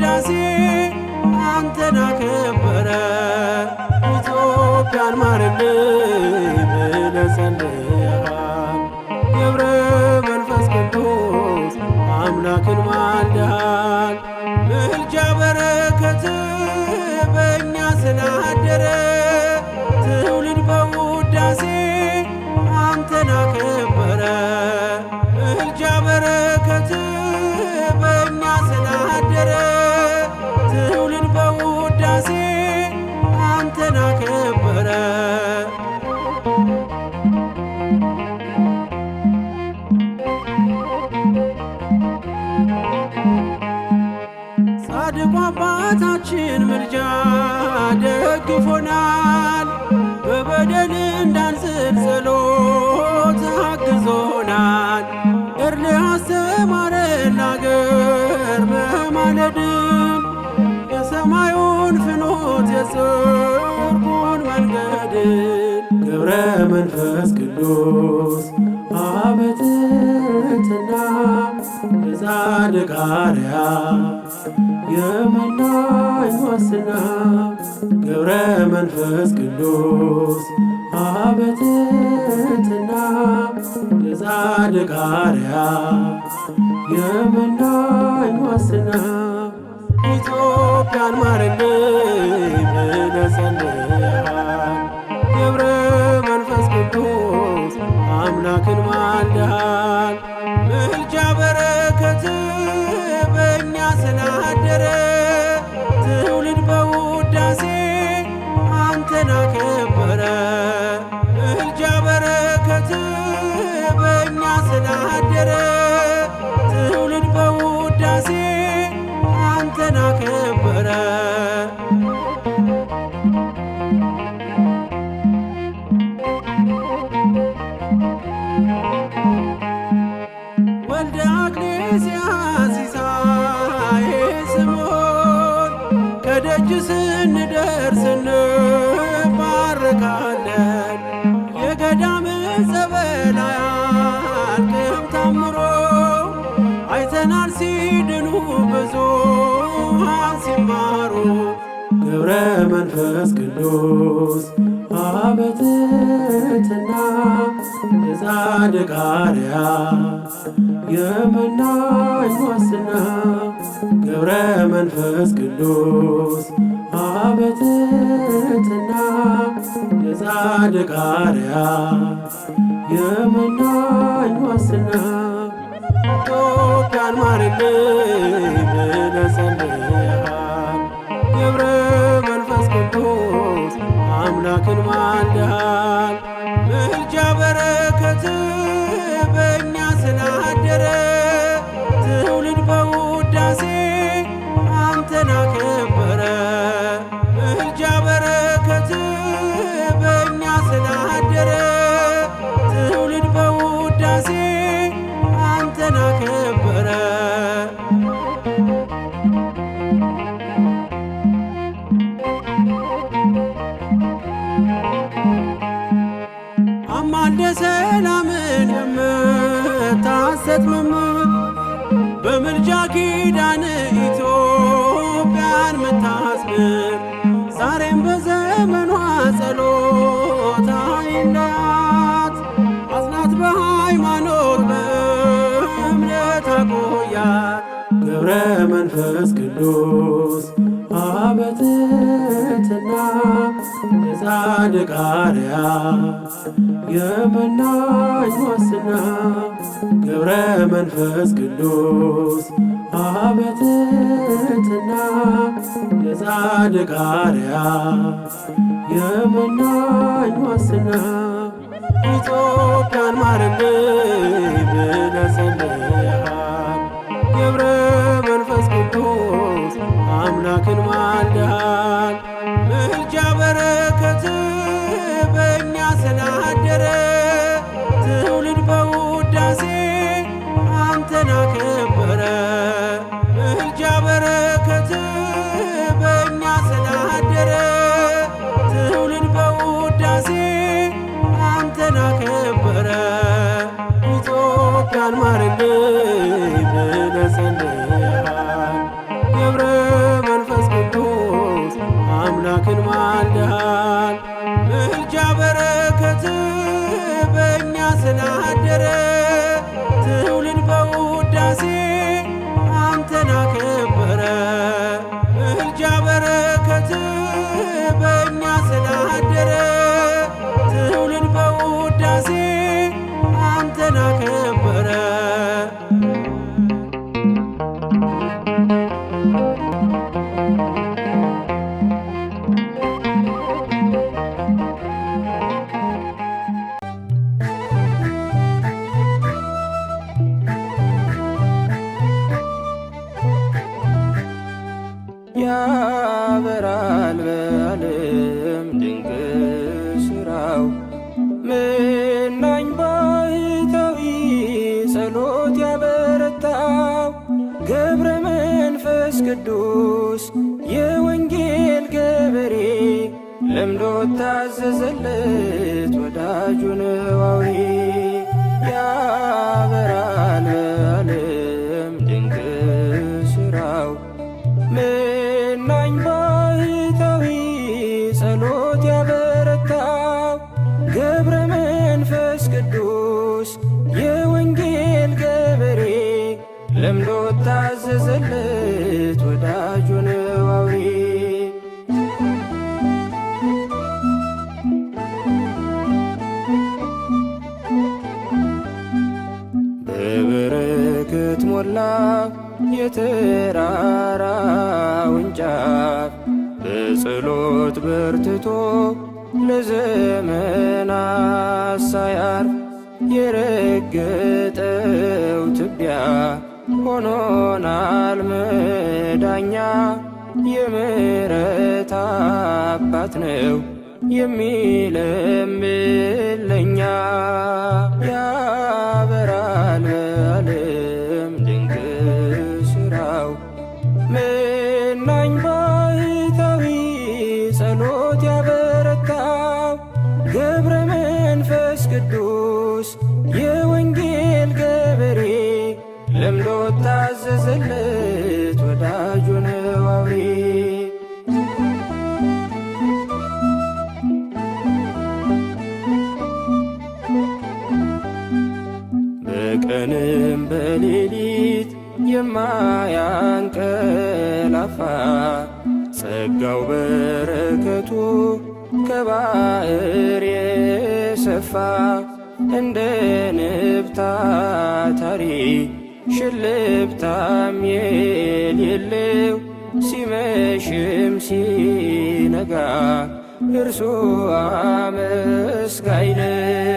ውዳሴ አንተን አከበረ ኢትዮጵያን ማርልኝ ብለጸልይ ቅዱስ አበትትና የጻድቅ አርያ ዋስና ገብረ መንፈስ ቅዱስ አበትትና የጻድቅ አርያ ዋስና ኢትዮጵያን ማረልኝ ብለህ ገብረ አምላክን ማልዳል ምልጃ በረከት በእኛ ስላደረ ገብረ መንፈስ ቅዱስ አበትትና የጻድቅ የመናኝ ዋስና ገብረ መንፈስ ቅዱስ አበትትና የጻድቅ የመናኝ ዋስና ቶካን ማርልን ብርሃን ቃሪያ የመናኝ ዋስና ገብረ መንፈስ ቅዱስ አበትትና የጻድቅ የመናኝ ዋስና ኢትዮጵያን ገብረ መንፈስ ቅዱስ አምላክን ማልደሃል። ምልጃ በረከት በእኛ ስላደረ ትውልድ በውዳሴ አንተናከ አንተን አደረ ትውልድ በውዳሴ አንተን አከበረ። ቅዱስ የወንጌል ገበሬ ለምዶ ታዘዘለት ወዳጁን ዋዊ ያበራል ዓለም ድንቅ ስራው መናኝ ባህታዊ ጸሎት ያበረታው ገብረ መንፈስ ቅዱስ የወንጌል ገበሬ ለምዶ የሚታዘዝለት ወዳጁ ነው በበረከት ሞላ የተራራውን ጫፍ በጸሎት በርትቶ ለዘመና ሳያርፍ የረገጠው ትቢያ ሆኖናል መዳኛ የምሕረት አባት ነው የሚለምለኛ ሌሊት የማያንቀላፋ ጸጋው በረከቱ ከባሕር የሰፋ እንደ ንብ ታታሪ ሽልብታም የሌለው ሲመሽም ሲነጋ እርሱ አመስጋኝ ነው።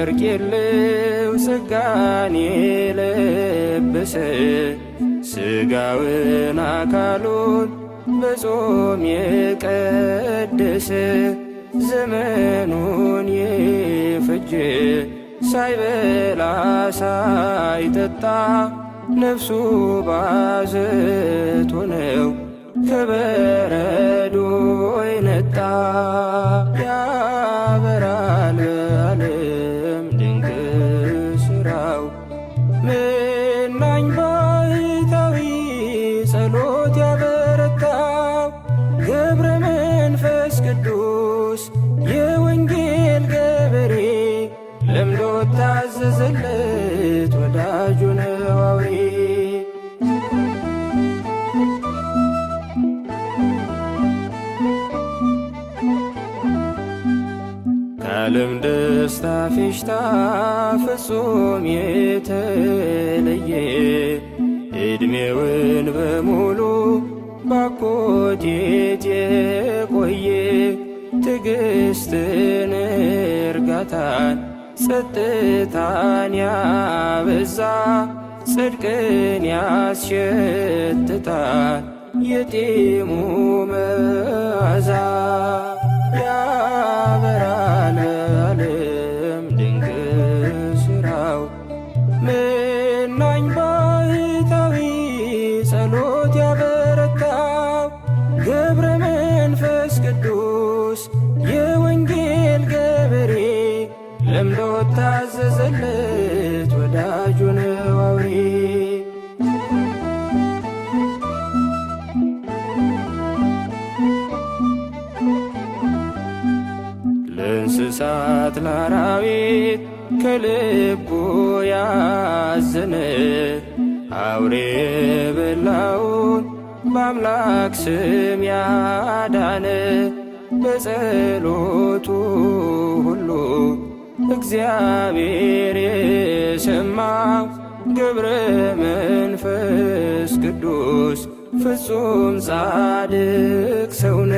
እርቅ የለም ስጋን የለበሰ ስጋውን አካሉን በጾም የቀደሰ ዘመኑን የፈጀ ሳይበላ ሳይጠጣ ነፍሱ ባዘቶ ነው ከበረዶ ይነጣ ሽታ ፍጹም የተለየ ዕድሜውን በሙሉ ባኮቴት የቆየ ትዕግስትን እርጋታን ጸጥታን ያበዛ ጽድቅን ያስሸትታል የጢሙ መዓዛ ያበራል ከልቡ ያዘነ አውሬ በላውን በአምላክ ስም ያዳነ በጸሎቱ ሁሉ እግዚአብሔር የሰማ ገብረ መንፈስ ቅዱስ ፍጹም ጻድቅ ሰውነ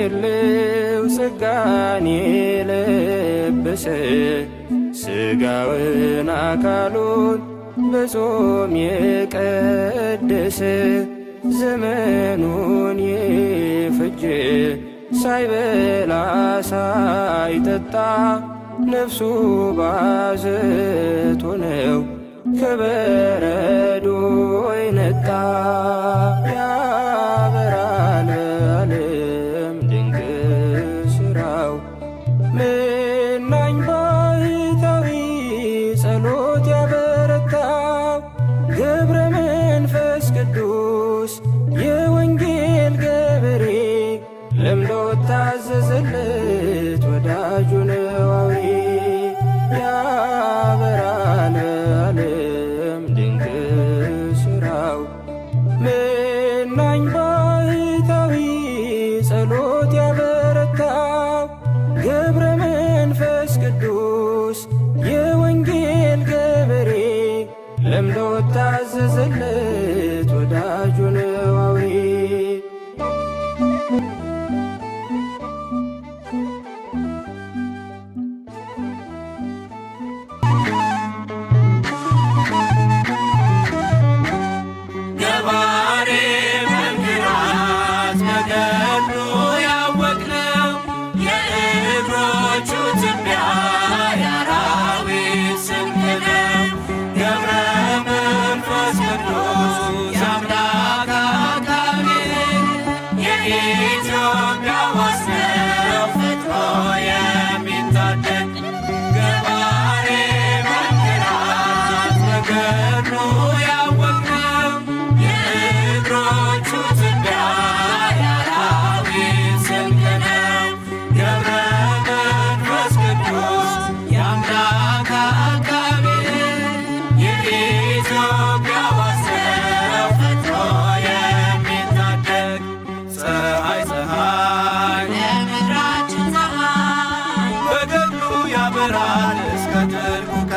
የለው ጸጋን የለበሰ ስጋውን አካሉን በጾም የቀደሰ ዘመኑን የፈጀ ሳይበላ ሳይጠጣ ነፍሱ ባዘቶ ነው ከበረዶ ይነጣ forgiven. Guillermo